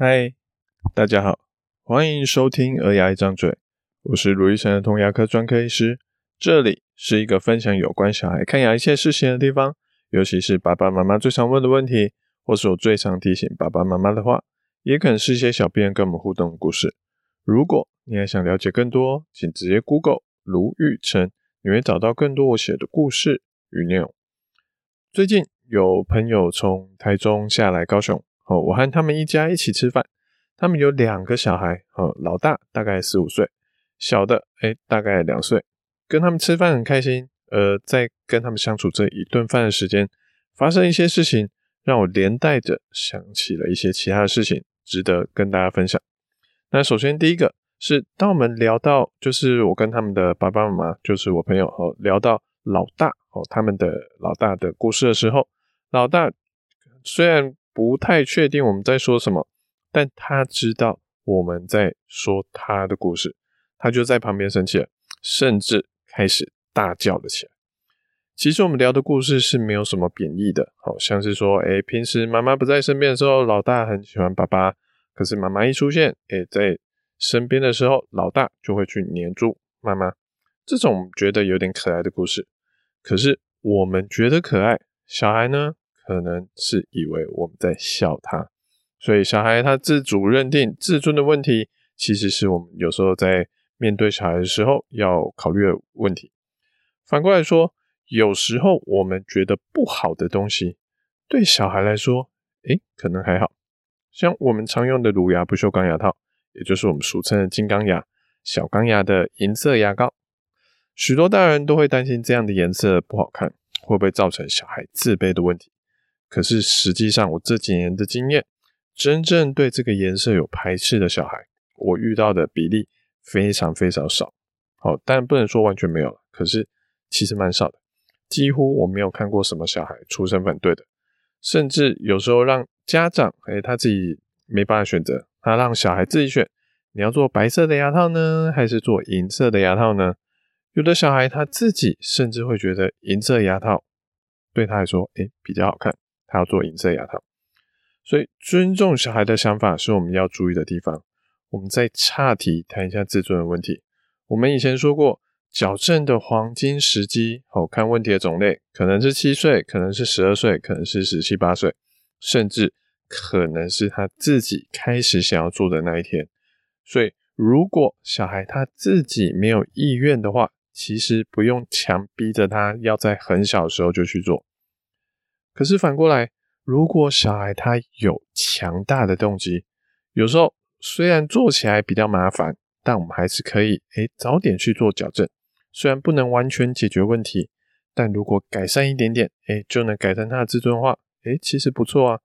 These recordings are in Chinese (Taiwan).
嗨，大家好，歡迎收聽《兒牙一張嘴》，我是盧玉成的童牙科專科醫師，這裡是一個分享有關小孩看牙一切事情的地方，尤其是爸爸媽媽最常問的問題，或是我最常提醒爸爸媽媽的話，也可能是一些小病人跟我們互動的故事。如果你還想了解更多，請直接 Google 盧玉成，你會找到更多我寫的故事與內容。最近有朋友從台中下來高雄。哦，我和他們一家一起吃飯，他們有兩個小孩，哦，老大大概十五歲，小的誒、欸，大概兩歲，跟他們吃飯很開心。呃，在跟他們相處這一頓飯的時間，發生一些事情，讓我連帶着想起了一些其他的事情，值得跟大家分享。那首先第一個是，當我們聊到，就是我跟他們的爸爸媽媽，就是我朋友哦，聊到老大哦，他們的老大的故事的時候，老大雖然，不太確定我們在說什麼，但他知道我們在說他的故事，他就在旁邊生氣了，甚至開始大叫了起來。其實我們聊的故事是沒有什麼貶義的，好、哦、像是說，哎、欸，平時媽媽不在身邊的時候，老大很喜歡爸爸，可是媽媽一出現，哎、欸，在身邊的時候，老大就會去黏住媽媽。這種覺得有點可愛的故事，可是我們覺得可愛，小孩呢？可能是以為我們在笑他，所以小孩他自主認定自尊的問題，其實是我們有時候在面對小孩的時候要考慮的問題。反過來說，有時候我們覺得不好的東西，對小孩來說，誒、欸，可能還好。像我們常用的乳牙不鏽鋼牙套，也就是我們俗稱的金剛牙、小鋼牙的銀色牙膏，許多大人都會擔心這樣的顏色不好看，會不會造成小孩自卑的問題？可是實際上，我這幾年的經驗，真正對這個顏色有排斥的小孩，我遇到的比例非常非常少。好、哦，但不能說完全沒有了。可是其實蠻少的，幾乎我沒有看過什麼小孩出聲反對的。甚至有時候讓家長，哎，他自己沒辦法選擇，他讓小孩自己選，你要做白色的牙套呢，還是做銀色的牙套呢？有的小孩他自己甚至會覺得銀色牙套對他來說，哎，比較好看。他要做銀色牙套，所以尊重小孩的想法是我們要注意的地方。我們再岔題談一下自尊的問題。我們以前說過，矯正的黃金時機，好，看問題的種類，可能是七歲，可能是十二歲，可能是十七八歲，甚至可能是他自己開始想要做的那一天。所以，如果小孩他自己沒有意願的話，其實不用強逼着他要在很小的時候就去做。可是反過來，如果小孩他有強大的動機，有時候雖然做起來比較麻煩，但我們還是可以哎、欸、早點去做矯正。雖然不能完全解決問題，但如果改善一點點，哎、欸，就能改善他的自尊化，哎、欸，其實不錯啊。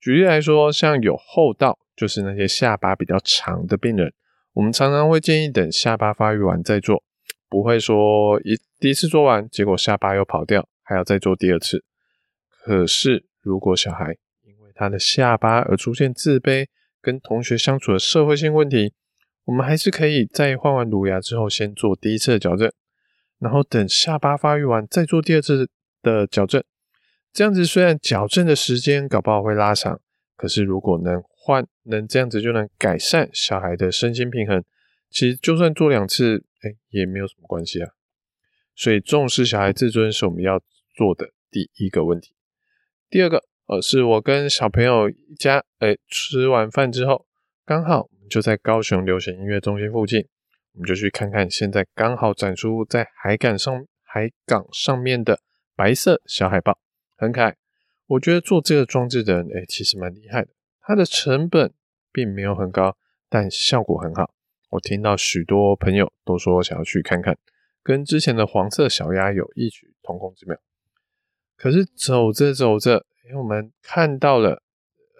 舉例來說，像有戽斗，就是那些下巴比較長的病人，我們常常會建議等下巴發育完再做，不會說一第一次做完，結果下巴又跑掉，還要再做第二次。可是，如果小孩因為他的下巴而出現自卑，跟同學相處的社會性問題，我們還是可以在換完乳牙之後先做第一次的矯正，然後等下巴發育完再做第二次的矯正。這樣子雖然矯正的時間搞不好會拉長，可是如果能換能這樣子就能改善小孩的身心平衡，其實就算做兩次，欸，也沒有什麼關係啊。所以重視小孩自尊是我們要做的第一個問題。第二個呃、哦，是我跟小朋友一家，哎、欸，吃完飯之後，剛好我們就在高雄流行音樂中心附近，我們就去看看現在剛好展出在海港上、海港上面的白色小海豹，很可愛。我覺得做這個裝置的人，哎、欸，其實蠻厲害的，它的成本並沒有很高，但效果很好。我聽到許多朋友都說想要去看看，跟之前的黃色小鴨有異曲同工之妙。可是走着走着，哎，我們看到了，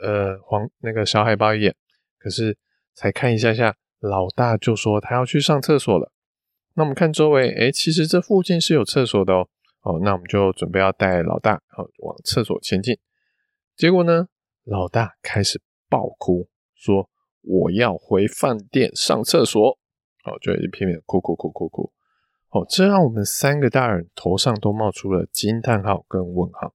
呃，黃那個小海豹一眼，可是才看一下下，老大就說他要去上廁所了。那我們看周圍，哎，其實這附近是有廁所的哦。哦，那我們就準備要帶老大，好往廁所前進。結果呢，老大開始爆哭，說，我要回飯店上廁所。哦，就一片片哭哭哭哭哭哭。哦，這讓我們三個大人頭上都冒出了驚嘆號跟問號。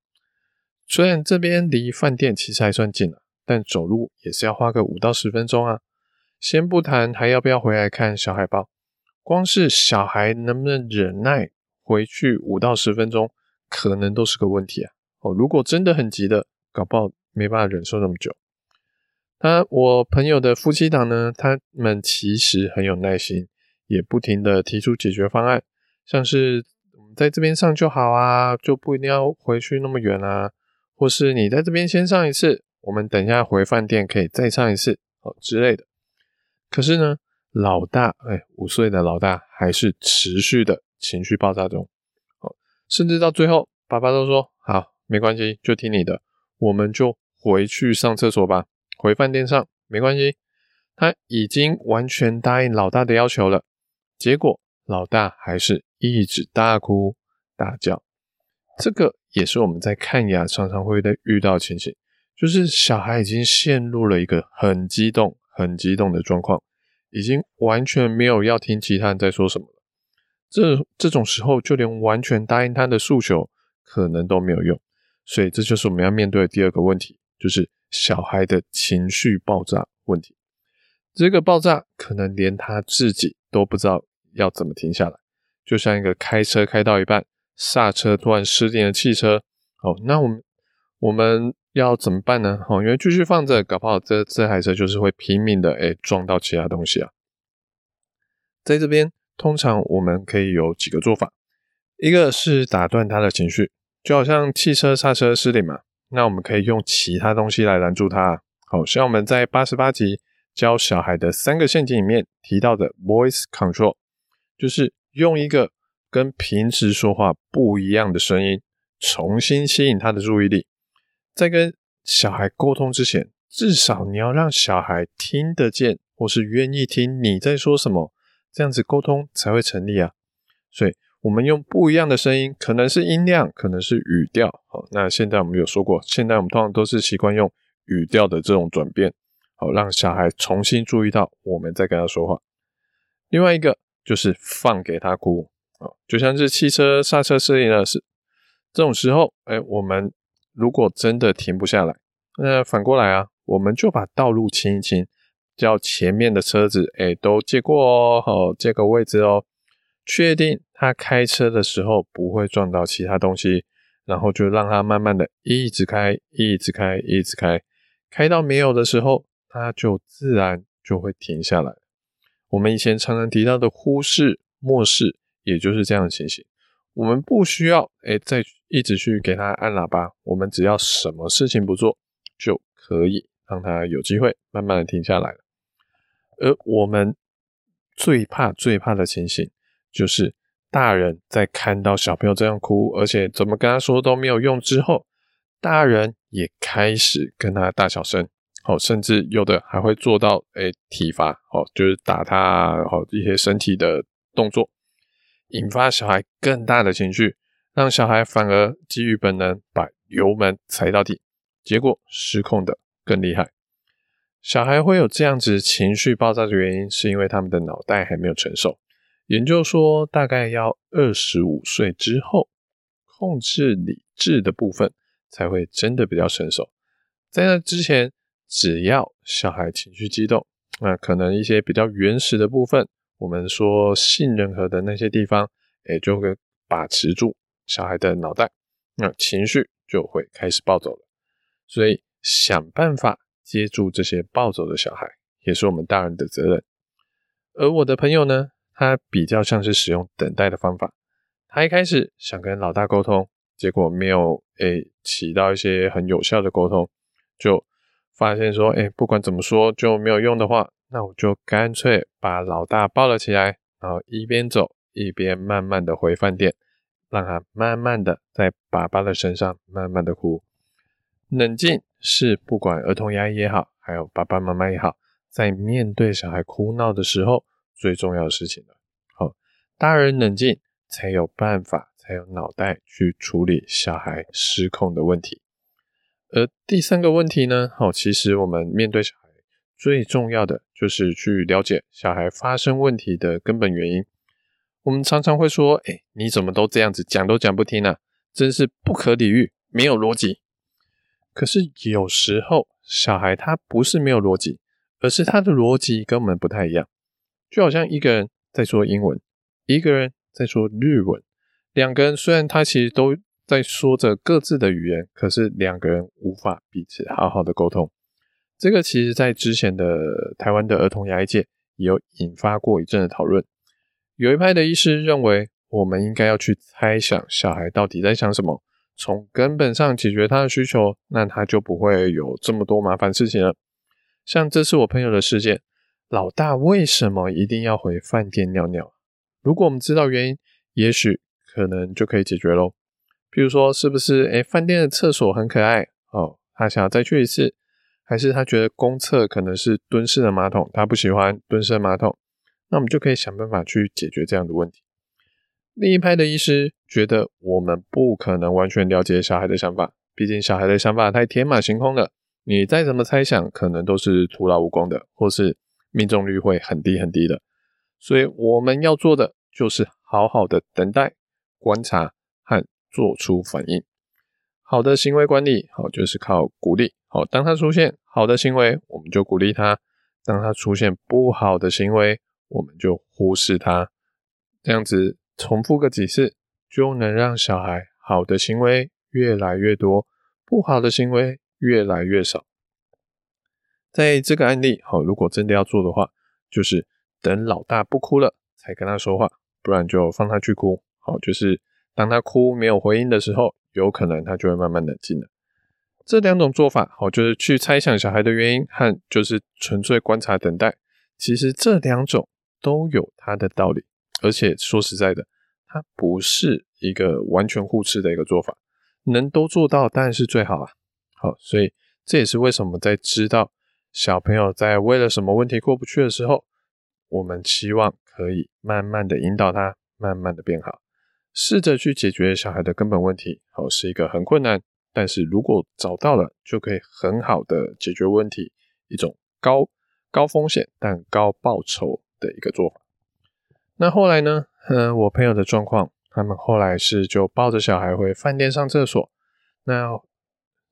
雖然這邊離飯店其實還算近了，但走路也是要花個五到十分鐘啊。先不談還要不要回來看小海豹，光是小孩能不能忍耐回去五到十分鐘，可能都是個問題啊。哦，如果真的很急的，搞不好沒辦法忍受那麼久。那、啊、我朋友的夫妻檔呢，他們其實很有耐心，也不停的提出解決方案。像是我們在這邊上就好啊，就不一定要回去那麼遠啊，或是你在這邊先上一次，我們等一下回飯店可以再上一次，哦，之類的。可是呢，老大，哎，五歲的老大還是持續的情緒爆炸中。哦，甚至到最後，爸爸都說好，沒關係，就聽你的，我們就回去上廁所吧，回飯店上，沒關係。他已經完全答應老大的要求了，結果老大還是。一直大哭大叫，這個也是我們在看牙常常會在遇到的情形，就是小孩已經陷入了一個很激動、很激動的狀況，已經完全沒有要聽其他人在說什麼了。這這種時候，就連完全答應他的訴求，可能都沒有用。所以，這就是我們要面對的第二個問題，就是小孩的情緒爆炸問題。這個爆炸可能連他自己都不知道要怎麼停下來。就像一個開車開到一半剎車突然失靈的汽車，好，那我們我們要怎麼辦呢？好，因為繼續放着搞不好這這台車就是會拼命的哎、欸、撞到其他東西啊。在這邊通常我們可以有幾個做法，一個是打斷他的情緒，就好像汽車剎車失靈嘛，那我們可以用其他東西來攔住他。好，像我們在八十八集教小孩的三個陷阱裡面提到的 Voice Control，就是。用一個跟平時說話不一樣的聲音，重新吸引他的注意力。在跟小孩溝通之前，至少你要讓小孩聽得見，或是願意聽你在說什麼，這樣子溝通才會成立啊。所以，我們用不一樣的聲音，可能是音量，可能是語調。好，那現在我們有說過，現在我們通常都是習慣用語調的這種轉變，好，讓小孩重新注意到我們在跟他說話。另外一個。就是放給他哭啊，就像是汽車剎車失靈了是這種時候，哎、欸，我們如果真的停不下來，那反過來啊，我們就把道路清一清，叫前面的車子哎、欸、都借過哦，借、哦、個位置哦，確定他開車的時候不會撞到其他東西，然後就讓他慢慢的一直開，一直開，一直開，開到沒有的時候，他就自然就會停下來。我們以前常常提到的忽視、漠視，也就是這樣的情形。我們不需要，哎，再一直去給他按喇叭，我們只要什麼事情不做，就可以讓他有機會慢慢的停下來了。而我們最怕、最怕的情形，就是大人在看到小朋友這樣哭，而且怎麼跟他說都沒有用之後，大人也開始跟他大小聲。哦，甚至有的還會做到哎體罰哦，就是打他，然後一些身體的動作，引發小孩更大的情緒，讓小孩反而基於本能把油門踩到底，結果失控得更厲害。小孩會有這樣子情緒爆炸的原因，是因為他們的腦袋還沒有成熟。研究說，大概要二十五歲之後，控制理智的部分才會真的比較成熟，在那之前，只要小孩情緒激動，那可能一些比較原始的部分，我們說杏仁核的那些地方，哎、欸，就會把持住小孩的腦袋，那情緒就會開始暴走了。所以想辦法接住這些暴走的小孩，也是我們大人的責任。而我的朋友呢，他比較像是使用等待的方法，他一開始想跟老大溝通，結果沒有，哎、欸，起到一些很有效的溝通，就。發現說，哎，不管怎麼說就沒有用的話，那我就乾脆把老大抱了起來，然後一邊走一邊慢慢的回飯店，讓他慢慢的在爸爸的身上慢慢的哭。冷靜是不管兒童牙醫也好，還有爸爸媽媽也好，在面對小孩哭鬧的時候最重要的事情了。好，大人冷靜才有辦法，才有腦袋去處理小孩失控的問題。而第三個問題呢？好、哦，其實我們面對小孩最重要的就是去了解小孩發生問題的根本原因。我們常常會說：“哎，你怎麼都這樣子，講都講不聽呢、啊？真是不可理喻，沒有邏輯。”可是有時候小孩他不是沒有邏輯，而是他的邏輯跟我們不太一樣。就好像一個人在說英文，一個人在說日文，兩個人雖然他其實都，在說着各自的語言，可是兩個人無法彼此好好的溝通。這個其實，在之前的台灣的兒童牙醫界，也有引發過一陣的討論。有一派的醫師認為，我們應該要去猜想小孩到底在想什麼，從根本上解決他的需求，那他就不會有這麼多麻煩事情了。像這次我朋友的事件，老大為什麼一定要回飯店尿尿？如果我們知道原因，也許可能就可以解決嘍。比如說，是不是哎，飯店的廁所很可愛哦，他想要再去一次，還是他覺得公廁可能是蹲式的馬桶，他不喜歡蹲式的馬桶？那我們就可以想辦法去解決這樣的問題。另一派的醫師覺得，我們不可能完全了解小孩的想法，畢竟小孩的想法太天馬行空了，你再怎麼猜想，可能都是徒勞無功的，或是命中率會很低很低的。所以我們要做的就是好好的等待、觀察和。做出反應，好的行為管理，好，就是靠鼓勵。好，當他出現好的行為，我們就鼓勵他；當他出現不好的行為，我們就忽視他。這樣子重複個幾次，就能讓小孩好的行為越來越多，不好的行為越來越少。在這個案例，好，如果真的要做的話，就是等老大不哭了，才跟他說話，不然就放他去哭。好，就是。當他哭沒有回應的時候，有可能他就會慢慢冷靜了。這兩種做法，好，就是去猜想小孩的原因，和就是純粹觀察等待，其實這兩種都有它的道理，而且說實在的，它不是一個完全互斥的一個做法，能都做到當然是最好啊。好，所以這也是為什麼在知道小朋友在為了什麼問題過不去的時候，我們期望可以慢慢的引導他，慢慢的變好。試着去解決小孩的根本問題，好是一個很困難，但是如果找到了，就可以很好的解決問題，一種高高風險但高報酬的一個做法。那後來呢？嗯、呃，我朋友的狀況，他們後來是就抱着小孩回飯店上廁所。那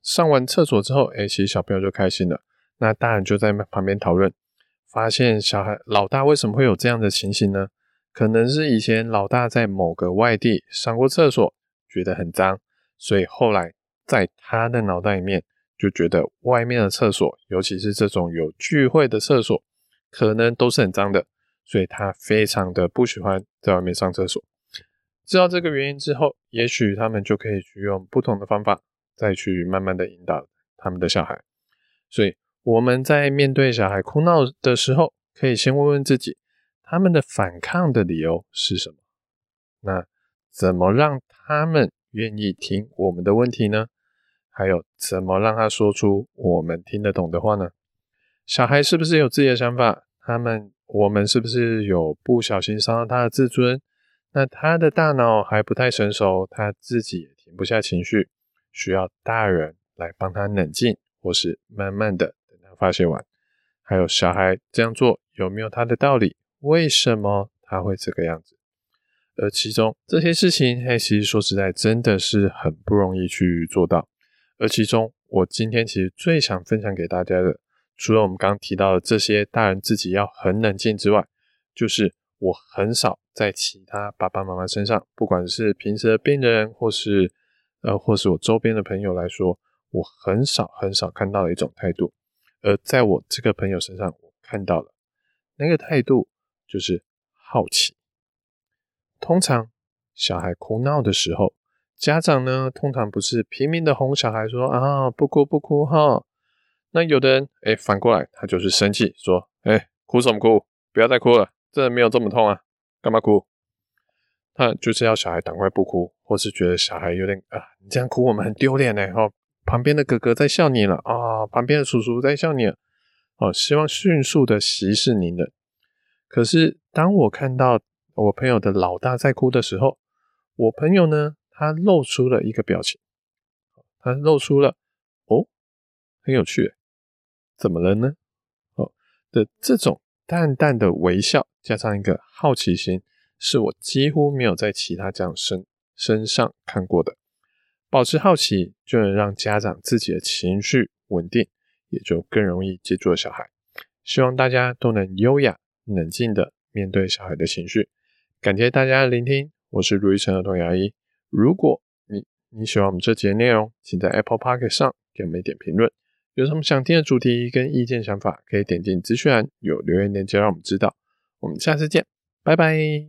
上完廁所之後，哎，其實小朋友就開心了。那大人就在旁邊討論，發現小孩老大為什麼會有這樣的情形呢？可能是以前老大在某個外地上過廁所，覺得很髒，所以後來在他的腦袋裡面就覺得外面的廁所，尤其是這種有聚會的廁所，可能都是很髒的，所以他非常的不喜歡在外面上廁所。知道這個原因之後，也許他們就可以去用不同的方法，再去慢慢的引導他們的小孩。所以我們在面對小孩哭鬧的時候，可以先問問自己，他們的反抗的理由是什麼？那怎麼讓他們願意聽我們的問題呢？還有怎麼讓他說出我們聽得懂的話呢？小孩是不是有自己的想法？他們我們是不是有不小心傷到他的自尊？那他的大腦還不太成熟，他自己也停不下情緒，需要大人來幫他冷靜，或是慢慢的等他發洩完。還有小孩這樣做有沒有他的道理？為什麼他會這個樣子？而其中這些事情，嘿，其實說實在，真的是很不容易去做到。而其中，我今天其實最想分享給大家的，除了我們剛剛提到的這些大人自己要很冷靜之外，就是我很少在其他爸爸媽媽身上，不管是平時的病人，或是呃，或是我周邊的朋友來說，我很少很少看到的一種態度。而在我這個朋友身上，我看到了那個態度。就是好奇。通常小孩哭鬧的時候，家長呢，通常不是拼命的哄小孩說啊，不哭不哭哈。那有的人哎、欸、反過來他就是生氣說哎、欸、哭什麼哭，不要再哭了，這沒有這麼痛啊，幹嘛哭？他就是要小孩趕快不哭，或是覺得小孩有點啊，你這樣哭我們很丟臉呢哦，旁邊的哥哥在笑你了啊，旁邊的叔叔在笑你了哦，希望迅速的息事寧人。可是，當我看到我朋友的老大在哭的時候，我朋友呢，他露出了一個表情，他露出了哦，很有趣，怎麼了呢？哦的這種淡淡的微笑，加上一個好奇心，是我幾乎沒有在其他家長身身上看過的。保持好奇，就能讓家長自己的情緒穩定，也就更容易接住小孩。希望大家都能優雅、冷靜地面對小孩的情緒。感謝大家的聆聽，我是盧一晨兒童牙醫。如果你你喜歡我們這節內容，請在 Apple Podcast 上給我們一點評論。有什麼想聽的主題跟意見想法，可以點進資訊欄有留言鏈接讓我們知道。我們下次見，拜拜。